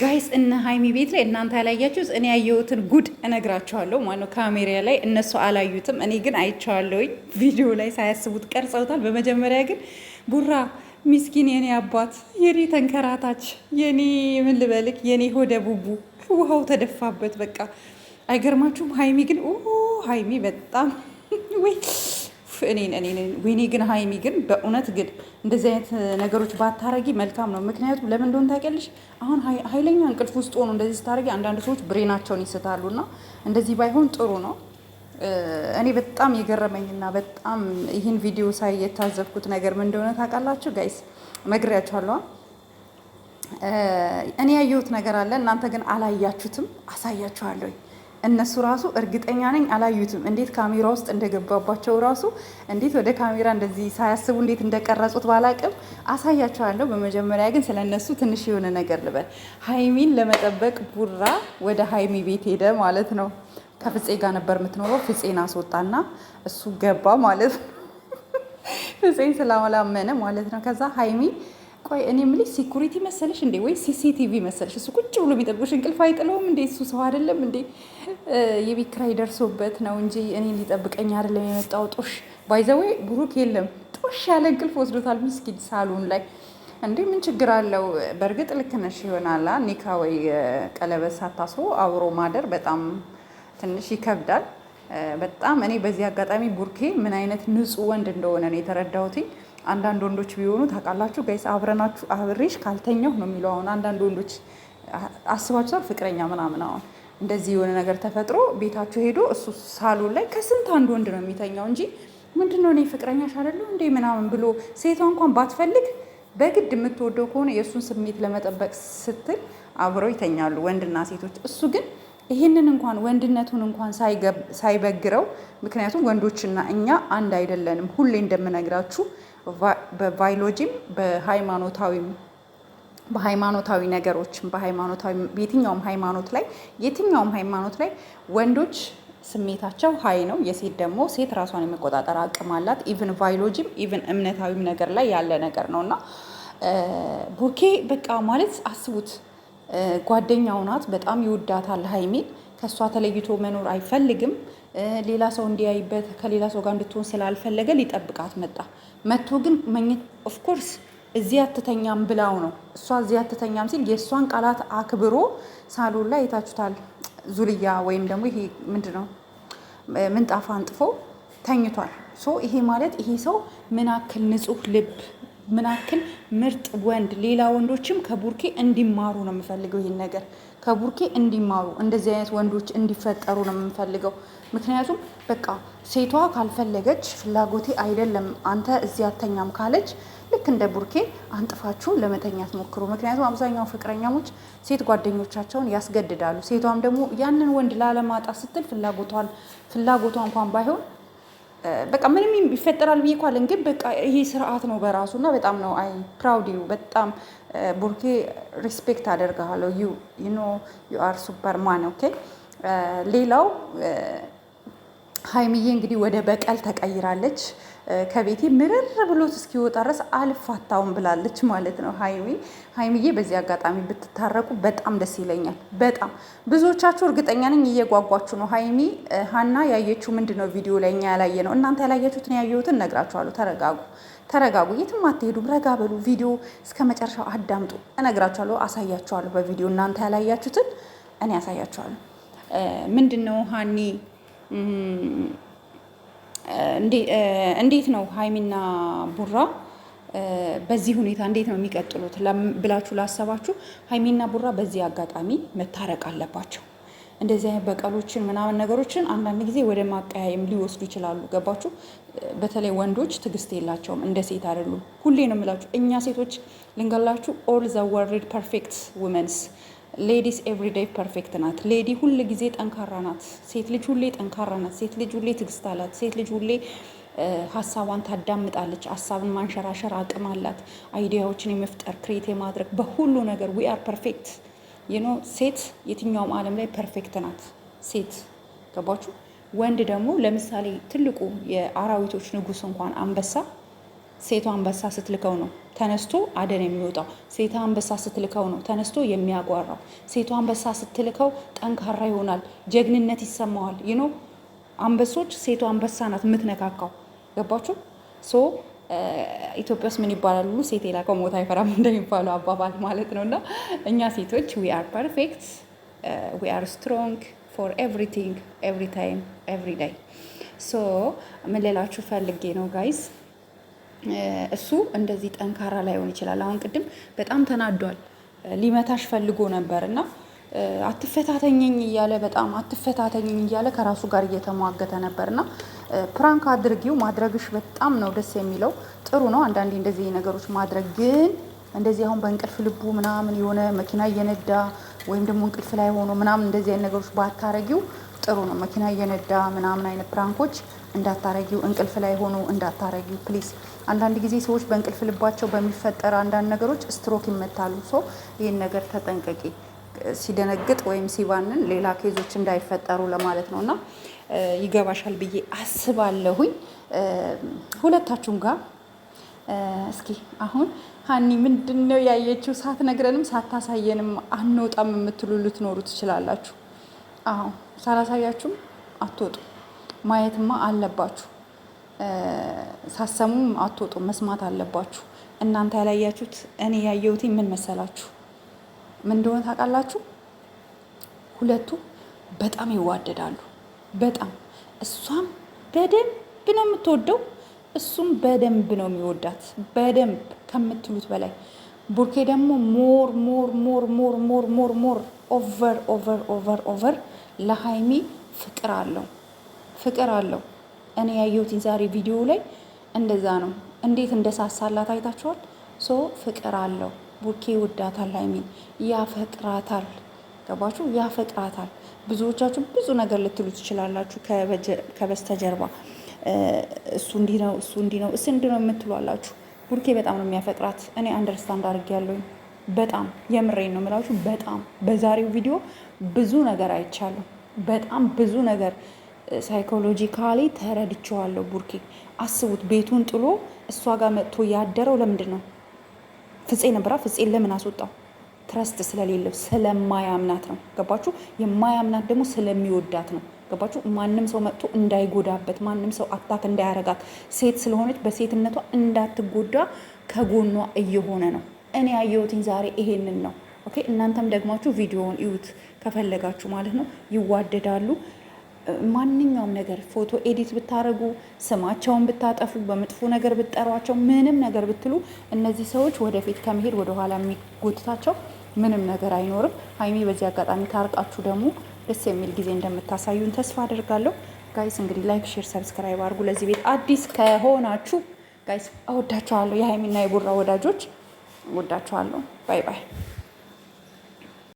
ጋይስ እነ ሀይሚ ቤት ላይ እናንተ ያላያችሁት እኔ ያየሁትን ጉድ እነግራችኋለሁ ማ ነው። ካሜራ ላይ እነሱ አላዩትም፣ እኔ ግን አይቼዋለሁኝ። ቪዲዮ ላይ ሳያስቡት ቀርጸውታል። በመጀመሪያ ግን ቡራ ሚስኪን፣ የኔ አባት፣ የኔ ተንከራታች፣ የኔ ምን ልበልክ፣ የኔ ሆደ ቡቡ ውሃው ተደፋበት። በቃ አይገርማችሁም? ሀይሚ ግን ሀይሚ በጣም ወይ እኔን እኔን ዊኒ ግን ሀይሚ ግን በእውነት ግን እንደዚህ አይነት ነገሮች ባታረጊ መልካም ነው። ምክንያቱም ለምን እንደሆነ ታውቂያለሽ? አሁን ሀይለኛ እንቅልፍ ውስጥ ሆኖ እንደዚህ ስታረጊ አንዳንድ ሰዎች ብሬናቸውን ይስታሉ እና እንደዚህ ባይሆን ጥሩ ነው። እኔ በጣም የገረመኝና በጣም ይህን ቪዲዮ ሳይ የታዘብኩት ነገር ምን እንደሆነ ታውቃላችሁ ጋይስ? መግሪያችኋለሁ። እኔ ያየሁት ነገር አለ እናንተ ግን አላያችሁትም። አሳያችኋለሁ። እነሱ ራሱ እርግጠኛ ነኝ አላዩትም። እንዴት ካሜራ ውስጥ እንደገባባቸው ራሱ እንዴት ወደ ካሜራ እንደዚህ ሳያስቡ እንዴት እንደቀረጹት ባላቅም አሳያቸዋለሁ። በመጀመሪያ ግን ስለ እነሱ ትንሽ የሆነ ነገር ልበል። ሀይሚን ለመጠበቅ ቡራ ወደ ሀይሚ ቤት ሄደ ማለት ነው። ከፍፄ ጋር ነበር የምትኖረው። ፍፄን አስወጣና እሱ ገባ ማለት ነው። ፍፄን ስላላመነ ማለት ነው። ከዛ ሀይሚ ቆይ እኔ የምልሽ ሴኩሪቲ መሰለሽ እንዴ ወይ ሲሲቲቪ መሰለሽ? እሱ ቁጭ ብሎ የሚጠብቅሽ እንቅልፍ አይጥለውም እንዴ? እሱ ሰው አይደለም እንዴ? የቤት ኪራይ ደርሶበት ነው እንጂ እኔ ሊጠብቀኝ አይደለም የመጣው። ጦሽ ባይዘዌ ብሩክ የለም ጦሽ ያለ እንቅልፍ ወስዶታል ምስኪን ሳሉን ላይ እንዴ ምን ችግር አለው? በእርግጥ ልክ ነሽ ይሆናላ። ኒካ ወይ ቀለበት ሳታስሮ አብሮ ማደር በጣም ትንሽ ይከብዳል። በጣም እኔ በዚህ አጋጣሚ ቡርኬ ምን አይነት ንጹህ ወንድ እንደሆነ ነው የተረዳሁትኝ። አንዳንድ ወንዶች ቢሆኑ ታውቃላችሁ ጋይስ፣ አብረናችሁ አብሬሽ ካልተኛሁ ነው የሚለው። አሁን አንዳንድ ወንዶች አስባችኋል፣ ፍቅረኛ ምናምን አሁን እንደዚህ የሆነ ነገር ተፈጥሮ ቤታችሁ ሄዶ እሱ ሳሎን ላይ ከስንት አንድ ወንድ ነው የሚተኛው እንጂ ነው እኔ ፍቅረኛሽ አይደለሁ እንዴ ምናምን ብሎ ሴቷ እንኳን ባትፈልግ በግድ የምትወደው ከሆነ የእሱን ስሜት ለመጠበቅ ስትል አብረው ይተኛሉ ወንድና ሴቶች። እሱ ግን ይህንን እንኳን ወንድነቱን እንኳን ሳይበግረው፣ ምክንያቱም ወንዶችና እኛ አንድ አይደለንም። ሁሌ እንደምነግራችሁ በቫይሎጂም በሃይማኖታዊም በሃይማኖታዊ ነገሮችም በሃይማኖታዊ የትኛውም ሃይማኖት ላይ የትኛውም ሃይማኖት ላይ ወንዶች ስሜታቸው ሀይ ነው። የሴት ደግሞ ሴት ራሷን የመቆጣጠር አቅም አላት። ኢቭን ቫይሎጂም ኢቭን እምነታዊም ነገር ላይ ያለ ነገር ነው እና ቡርኬ በቃ ማለት አስቡት፣ ጓደኛው ናት፣ በጣም ይወዳታል ሀይሚን። ከእሷ ተለይቶ መኖር አይፈልግም። ሌላ ሰው እንዲያይበት ከሌላ ሰው ጋር እንድትሆን ስላልፈለገ ሊጠብቃት መጣ። መጥቶ ግን መኝት ኦፍኮርስ እዚህ አትተኛም ብላው ነው እሷ እዚህ አትተኛም ሲል የእሷን ቃላት አክብሮ ሳሎን ላይ አይታችሁታል። ዙልያ ወይም ደግሞ ይሄ ምንድን ነው ምንጣፍ አንጥፎ ተኝቷል። ሶ ይሄ ማለት ይሄ ሰው ምን አክል ንጹህ ልብ ምናክል ምርጥ ወንድ ሌላ ወንዶችም ከቡርኬ እንዲማሩ ነው የምፈልገው። ይህን ነገር ከቡርኬ እንዲማሩ እንደዚህ አይነት ወንዶች እንዲፈጠሩ ነው የምፈልገው። ምክንያቱም በቃ ሴቷ ካልፈለገች ፍላጎቴ አይደለም አንተ እዚህ አተኛም ካለች ልክ እንደ ቡርኬ አንጥፋችሁ ለመተኛት ሞክሩ። ምክንያቱም አብዛኛው ፍቅረኛሞች ሴት ጓደኞቻቸውን ያስገድዳሉ። ሴቷም ደግሞ ያንን ወንድ ላለማጣት ስትል ፍላጎቷን ፍላጎቷ እንኳን ባይሆን በቃ ምንም ይፈጠራል ብዬ ኳለን፣ ግን በቃ ይሄ ስርዓት ነው በራሱ እና በጣም ነው አይ ፕራውድ ዩ በጣም ቡርኬ ሪስፔክት አደርግሃለሁ። ዩ ዩ ኖ ዩ አር ሱፐርማን ኦኬ። ሌላው ሀይሚዬ እንግዲህ ወደ በቀል ተቀይራለች። ከቤቴ ምርር ብሎት እስኪወጣ ድረስ አልፋታውም ብላለች ማለት ነው። ሀይሚ ሀይሚዬ በዚህ አጋጣሚ ብትታረቁ በጣም ደስ ይለኛል። በጣም ብዙዎቻችሁ እርግጠኛ ነኝ እየጓጓችሁ ነው። ሀይሚ ሀና ያየችው ምንድን ነው? ቪዲዮ ላይ እኛ ያላየ ነው። እናንተ ያላያችሁትን ያየሁትን እነግራችኋለሁ። ተረጋጉ፣ ተረጋጉ፣ የትም አትሄዱም። ረጋ በሉ። ቪዲዮ እስከ መጨረሻው አዳምጡ። እነግራችኋለሁ፣ አሳያችኋለሁ። በቪዲዮ እናንተ ያላያችሁትን እኔ አሳያችኋለሁ። ምንድን ነው ሀኒ እንዴት ነው ሀይሚና ቡራ በዚህ ሁኔታ እንዴት ነው የሚቀጥሉት ብላችሁ ላሰባችሁ ሀይሚና ቡራ በዚህ አጋጣሚ መታረቅ አለባቸው። እንደዚህ አይነት በቀሎችን ምናምን ነገሮችን አንዳንድ ጊዜ ወደ ማቀያየም ሊወስዱ ይችላሉ። ገባችሁ? በተለይ ወንዶች ትግስት የላቸውም፣ እንደ ሴት አይደሉም። ሁሌ ነው የምላችሁ፣ እኛ ሴቶች ልንገላችሁ ኦል ዘ ወርልድ ፐርፌክት ውመንስ ሌዲስ ኤቭሪዴይ ፐርፌክት ናት። ሌዲ ሁል ጊዜ ጠንካራ ናት። ሴት ልጅ ሁሌ ጠንካራ ናት። ሴት ልጅ ሁሌ ትግስት አላት። ሴት ልጅ ሁሌ ሀሳቧን ታዳምጣለች። ሀሳብን ማንሸራሸር አቅም አላት። አይዲያዎችን የመፍጠር ክሬት የማድረግ በሁሉ ነገር ዊ አር ፐርፌክት ዩኖ ሴት የትኛውም ዓለም ላይ ፐርፌክት ናት። ሴት ገባችሁ? ወንድ ደግሞ ለምሳሌ ትልቁ የአራዊቶች ንጉስ እንኳን አንበሳ ሴቷ አንበሳ ስትልከው ነው ተነስቶ አደን የሚወጣው። ሴቷ አንበሳ ስትልከው ነው ተነስቶ የሚያጓራው። ሴቷ አንበሳ ስትልከው ጠንካራ ይሆናል፣ ጀግንነት ይሰማዋል። ይኖ አንበሶች ሴቷ አንበሳ ናት የምትነካካው። ገባችሁ? ሶ ኢትዮጵያ ውስጥ ምን ይባላል? ሴት የላከው ሞት አይፈራም እንደሚባለው አባባል ማለት ነው። እና እኛ ሴቶች ዊ አር ፐርፌክት ዊ አር ስትሮንግ ፎር ኤቭሪቲንግ ኤቭሪ ታይም ኤቭሪ ዳይ ሶ ምን ልላችሁ ፈልጌ ነው ጋይስ እሱ እንደዚህ ጠንካራ ላይሆን ይችላል። አሁን ቅድም በጣም ተናዷል፣ ሊመታሽ ፈልጎ ነበር እና አትፈታተኝኝ እያለ በጣም አትፈታተኝኝ እያለ ከራሱ ጋር እየተሟገተ ነበር እና ፕራንክ አድርጊው። ማድረግሽ በጣም ነው ደስ የሚለው፣ ጥሩ ነው። አንዳንዴ እንደዚህ ነገሮች ማድረግ ግን እንደዚህ አሁን በእንቅልፍ ልቡ ምናምን የሆነ መኪና እየነዳ ወይም ደግሞ እንቅልፍ ላይ ሆኖ ምናምን እንደዚህ አይነት ነገሮች ባታረጊው ጥሩ ነው። መኪና እየነዳ ምናምን አይነት ፕራንኮች እንዳታረጊው፣ እንቅልፍ ላይ ሆኖ እንዳታረጊው ፕሊስ። አንዳንድ ጊዜ ሰዎች በእንቅልፍ ልባቸው በሚፈጠር አንዳንድ ነገሮች ስትሮክ ይመታሉ። ሶ ይህን ነገር ተጠንቀቂ። ሲደነግጥ ወይም ሲባንን ሌላ ኬዞች እንዳይፈጠሩ ለማለት ነው እና ይገባሻል ብዬ አስባለሁኝ ሁለታችሁም ጋር እስኪ አሁን ሀኒ ምንድን ነው ያየችው? ሳትነግረንም ሳታሳየንም አንወጣም የምትሉ ልትኖሩ ትችላላችሁ። አዎ ሳላሳያችሁም አትወጡ። ማየትማ አለባችሁ። ሳሰሙም አትወጡም፣ መስማት አለባችሁ። እናንተ ያላያችሁት እኔ ያየሁት ምን መሰላችሁ? ምን እንደሆነ ታውቃላችሁ? ሁለቱ በጣም ይዋደዳሉ። በጣም እሷም በደንብ ነው የምትወደው፣ እሱም በደንብ ነው የሚወዳት። በደንብ ከምትሉት በላይ ቡርኬ ደግሞ ሞር ሞር ሞር ሞር ሞር ሞር ሞር ኦቨር ኦቨር ኦቨር ኦቨር ለሀይሚ ፍቅር አለው፣ ፍቅር አለው። እኔ ያየሁት ዛሬ ቪዲዮ ላይ እንደዛ ነው። እንዴት እንደሳሳላት አይታችኋል። ሶ ፍቅር አለው ቡርኬ ይወዳታል፣ ሀይሚን ያፈቅራታል። ገባችሁ? ያፈቅራታል። ብዙዎቻችሁ ብዙ ነገር ልትሉ ትችላላችሁ። ከበስተጀርባ እሱ እንዲህ ነው፣ እሱ እንዲህ ነው፣ እሱ እንዲህ ነው እሱ እንዲህ ነው አላችሁ። ቡርኬ በጣም ነው የሚያፈቅራት። እኔ አንደርስታንድ አድርጌያለሁ። በጣም የምሬን ነው የምላችሁ። በጣም በዛሬው ቪዲዮ ብዙ ነገር አይቻለሁ። በጣም ብዙ ነገር ሳይኮሎጂካሊ ተረድቼዋለሁ። ቡርኬ አስቡት፣ ቤቱን ጥሎ እሷ ጋር መጥቶ ያደረው ለምንድን ነው? ፍፄ ነበራ። ፍፄን ለምን አስወጣው? ትረስት ስለሌለው ስለማያምናት ነው። ገባችሁ? የማያምናት ደግሞ ስለሚወዳት ነው። ገባችሁ? ማንም ሰው መጥቶ እንዳይጎዳበት፣ ማንም ሰው አታክ እንዳያረጋት፣ ሴት ስለሆነች በሴትነቷ እንዳትጎዳ ከጎኗ እየሆነ ነው። እኔ ያየሁትኝ ዛሬ ይሄንን ነው። ኦኬ፣ እናንተም ደግማችሁ ቪዲዮውን እዩት ከፈለጋችሁ ማለት ነው። ይዋደዳሉ። ማንኛውም ነገር ፎቶ ኤዲት ብታደርጉ፣ ስማቸውን ብታጠፉ፣ በመጥፎ ነገር ብጠሯቸው፣ ምንም ነገር ብትሉ እነዚህ ሰዎች ወደፊት ከመሄድ ወደኋላ የሚጎትታቸው ምንም ነገር አይኖርም። ሀይሚ በዚህ አጋጣሚ ታርቃችሁ ደግሞ ደስ የሚል ጊዜ እንደምታሳዩን ተስፋ አድርጋለሁ። ጋይስ እንግዲህ ላይክ፣ ሼር፣ ሰብስክራይብ አድርጉ። ለዚህ ቤት አዲስ ከሆናችሁ ጋይስ አወዳችኋለሁ። የሀይሚና የቡራ ወዳጆች ወዳችኋለሁ። ባይ ባይ።